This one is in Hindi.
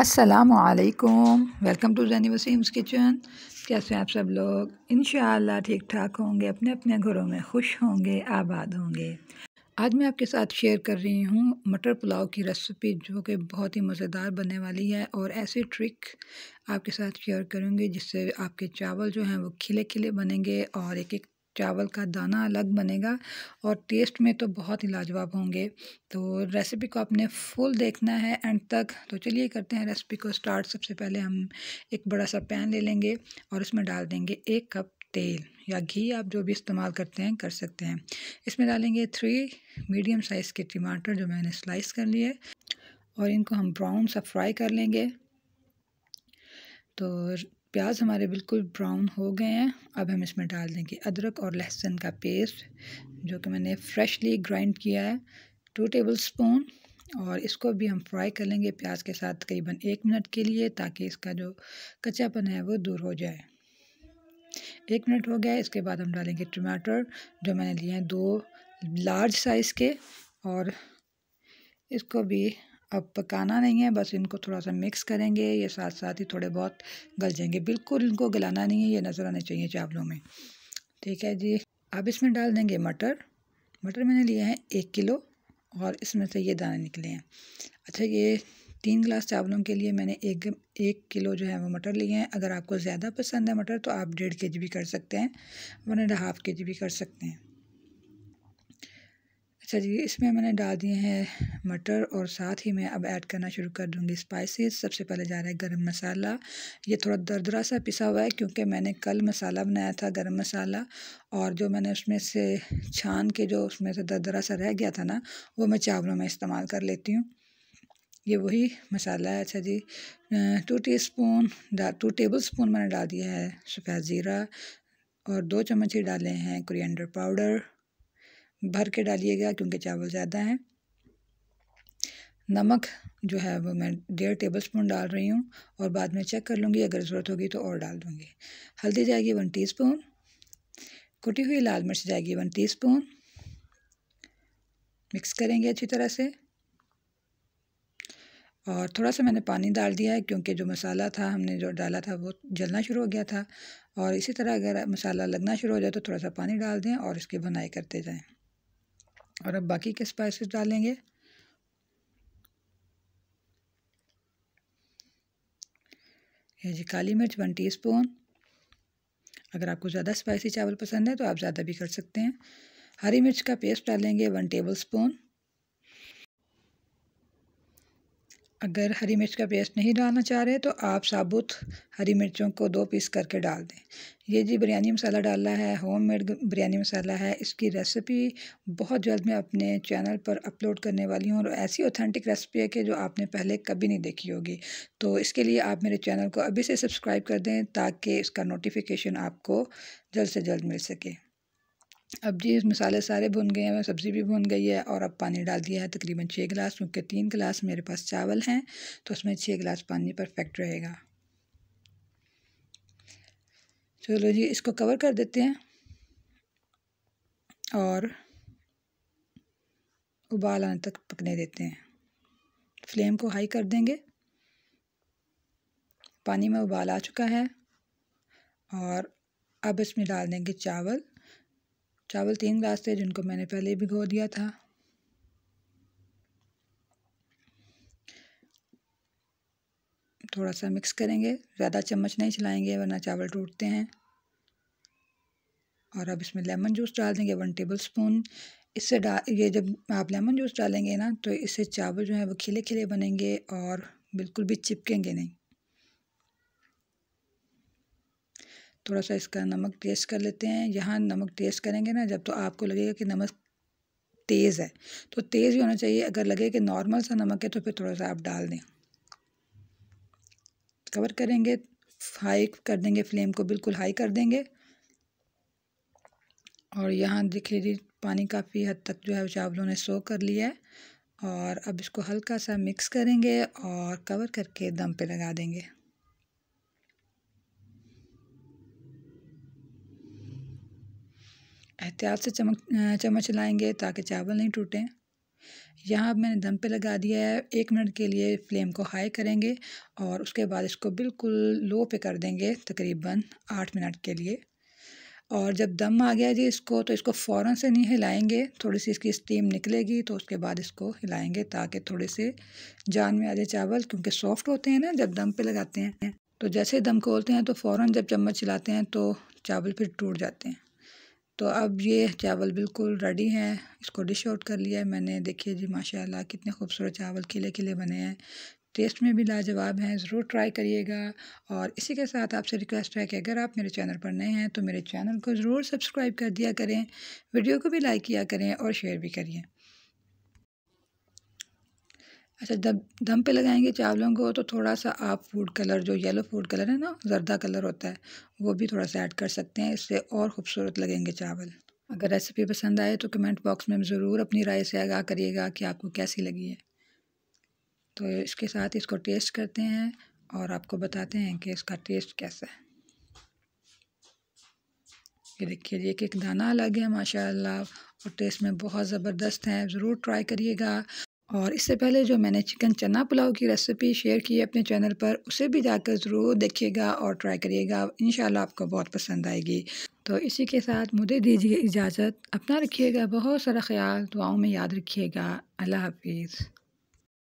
असलकुम welcome to Jenny Waseem's kitchen कैसे हैं आप सब लोग इन ठीक ठाक होंगे अपने अपने घरों में खुश होंगे आबाद होंगे आज मैं आपके साथ शेयर कर रही हूँ मटर पुलाव की रेसिपी जो कि बहुत ही मज़ेदार बनने वाली है और ऐसे ट्रिक आपके साथ शेयर करूँगी जिससे आपके चावल जो हैं वो खिले खिले बनेंगे और एक एक चावल का दाना अलग बनेगा और टेस्ट में तो बहुत ही लाजवाब होंगे तो रेसिपी को आपने फुल देखना है एंड तक तो चलिए करते हैं रेसिपी को स्टार्ट सबसे पहले हम एक बड़ा सा पैन ले लेंगे और उसमें डाल देंगे एक कप तेल या घी आप जो भी इस्तेमाल करते हैं कर सकते हैं इसमें डालेंगे थ्री मीडियम साइज़ के टमाटर जो मैंने स्लाइस कर लिए और इनको हम ब्राउन सा फ्राई कर लेंगे तो प्याज हमारे बिल्कुल ब्राउन हो गए हैं अब हम इसमें डाल देंगे अदरक और लहसुन का पेस्ट जो कि मैंने फ्रेशली ग्राइंड किया है टू टेबल स्पून और इसको भी हम फ्राई कर लेंगे प्याज के साथ करीबन एक मिनट के लिए ताकि इसका जो कच्चापन है वो दूर हो जाए एक मिनट हो गया इसके बाद हम डालेंगे टमाटर जो मैंने लिए हैं दो लार्ज साइज़ के और इसको भी अब पकाना नहीं है बस इनको थोड़ा सा मिक्स करेंगे ये साथ साथ ही थोड़े बहुत गल जाएंगे बिल्कुल इनको गलाना नहीं है ये नज़र आने चाहिए चावलों में ठीक है जी अब इसमें डाल देंगे मटर मटर मैंने लिए हैं एक किलो और इसमें से ये दाने निकले हैं अच्छा ये तीन गिलास चावलों के लिए मैंने एक एक किलो जो है वो मटर लिए हैं अगर आपको ज़्यादा पसंद है मटर तो आप डेढ़ के जी भी कर सकते हैं one and half K G भी कर सकते हैं अच्छा जी इसमें मैंने डाल दिए हैं मटर और साथ ही मैं अब ऐड करना शुरू कर दूँगी स्पाइसेस सबसे पहले जा रहा है गरम मसाला ये थोड़ा दरदरा सा पिसा हुआ है क्योंकि मैंने कल मसाला बनाया था गरम मसाला और जो मैंने उसमें से छान के जो उसमें से दरदरा सा रह गया था ना वो मैं चावलों में इस्तेमाल कर लेती हूँ ये वही मसाला है अच्छा जी two teaspoon two tablespoon मैंने डाल दिया है सफ़ेद ज़ीरा और दो चम्मच ही डाले हैं कुरियंडर पाउडर भर के डालिएगा क्योंकि चावल ज़्यादा हैं नमक जो है वो मैं डेढ़ टेबल स्पून डाल रही हूँ और बाद में चेक कर लूँगी अगर ज़रूरत होगी तो और डाल दूँगी हल्दी जाएगी वन टीस्पून कुटी हुई लाल मिर्च जाएगी वन टीस्पून मिक्स करेंगे अच्छी तरह से और थोड़ा सा मैंने पानी डाल दिया है क्योंकि जो मसाला था हमने जो डाला था वो जलना शुरू हो गया था और इसी तरह अगर मसाला लगना शुरू हो जाए तो थोड़ा सा पानी डाल दें और इसकी भुनाई करते जाएँ और अब बाकी के स्पाइसेस डालेंगे ये जी काली मिर्च वन टीस्पून अगर आपको ज़्यादा स्पाइसी चावल पसंद है तो आप ज़्यादा भी कर सकते हैं हरी मिर्च का पेस्ट डालेंगे वन टेबल स्पून अगर हरी मिर्च का पेस्ट नहीं डालना चाह रहे तो आप साबुत हरी मिर्चों को दो पीस करके डाल दें ये जी बिरयानी मसाला डाला है होम मेड बिरयानी मसाला है इसकी रेसिपी बहुत जल्द मैं अपने चैनल पर अपलोड करने वाली हूँ और ऐसी ऑथेंटिक रेसिपी है कि जो आपने पहले कभी नहीं देखी होगी तो इसके लिए आप मेरे चैनल को अभी से सब्सक्राइब कर दें ताकि इसका नोटिफिकेशन आपको जल्द से जल्द मिल सके अब जी इस मसाले सारे भुन गए हैं सब्ज़ी भी भुन गई है और अब पानी डाल दिया है तकरीबन छः गिलास क्योंकि तीन गिलास मेरे पास चावल हैं तो उसमें छः गिलास पानी परफेक्ट रहेगा चलो जी इसको कवर कर देते हैं और उबाल आने तक पकने देते हैं फ्लेम को हाई कर देंगे पानी में उबाल आ चुका है और अब इसमें डाल देंगे चावल चावल तीन ग्लास थे जिनको मैंने पहले भिगो दिया था थोड़ा सा मिक्स करेंगे ज़्यादा चम्मच नहीं चलाएंगे वरना चावल टूटते हैं और अब इसमें लेमन जूस डाल देंगे वन टेबल स्पून इससे डाल ये जब आप लेमन जूस डालेंगे ना तो इससे चावल जो है वो खिले खिले बनेंगे और बिल्कुल भी चिपकेंगे नहीं थोड़ा सा इसका नमक टेस्ट कर लेते हैं यहाँ नमक टेस्ट करेंगे ना जब तो आपको लगेगा कि नमक तेज़ है तो तेज़ भी होना चाहिए अगर लगे कि नॉर्मल सा नमक है तो फिर थोड़ा सा आप डाल दें कवर करेंगे हाई कर देंगे फ्लेम को बिल्कुल हाई कर देंगे और यहाँ देखिए जी पानी काफ़ी हद तक जो है चावलों ने सो कर लिया है और अब इसको हल्का सा मिक्स करेंगे और कवर करके दम पे लगा देंगे एहतियात से चमक चम्मच चलाएंगे ताकि चावल नहीं टूटें यहाँ अब मैंने दम पे लगा दिया है एक मिनट के लिए फ्लेम को हाई करेंगे और उसके बाद इसको बिल्कुल लो पे कर देंगे तकरीबन आठ मिनट के लिए और जब दम आ गया जी इसको तो इसको फ़ौर से नहीं हिलाएंगे थोड़ी सी इसकी स्टीम निकलेगी तो उसके बाद इसको हिलाएंगे ताकि थोड़े से जान में आ जाए चावल क्योंकि सॉफ्ट होते हैं ना जब दम पे लगाते हैं तो जैसे दम खोलते हैं तो फ़ौर जब चम्मच चलाते हैं तो चावल फिर टूट जाते हैं तो अब ये चावल बिल्कुल रेडी हैं इसको डिश आउट कर लिया है मैंने देखिए जी माशाल्लाह कितने खूबसूरत चावल खिले खिले बने हैं टेस्ट में भी लाजवाब हैं ज़रूर ट्राई करिएगा और इसी के साथ आपसे रिक्वेस्ट है कि अगर आप मेरे चैनल पर नए हैं तो मेरे चैनल को ज़रूर सब्सक्राइब कर दिया करें वीडियो को भी लाइक किया करें और शेयर भी करिए अच्छा दम दम पे लगाएंगे चावलों को तो थोड़ा सा आप फूड कलर जो येलो फूड कलर है ना जर्दा कलर होता है वो भी थोड़ा सा ऐड कर सकते हैं इससे और खूबसूरत लगेंगे चावल अगर रेसिपी पसंद आए तो कमेंट बॉक्स में ज़रूर अपनी राय से आगाह करिएगा कि आपको कैसी लगी है तो इसके साथ इसको टेस्ट करते हैं और आपको बताते हैं कि इसका टेस्ट कैसा है ये देखिए एक एक दाना अलग है माशाल्लाह और टेस्ट में बहुत ज़बरदस्त है ज़रूर ट्राई करिएगा और इससे पहले जो मैंने चिकन चना पुलाव की रेसिपी शेयर की है अपने चैनल पर उसे भी जाकर ज़रूर देखिएगा और ट्राई करिएगा इन आपको बहुत पसंद आएगी तो इसी के साथ मुझे दीजिए इजाज़त अपना रखिएगा बहुत सारा ख्याल दुआओं में याद रखिएगा अल्लाह हाफिज़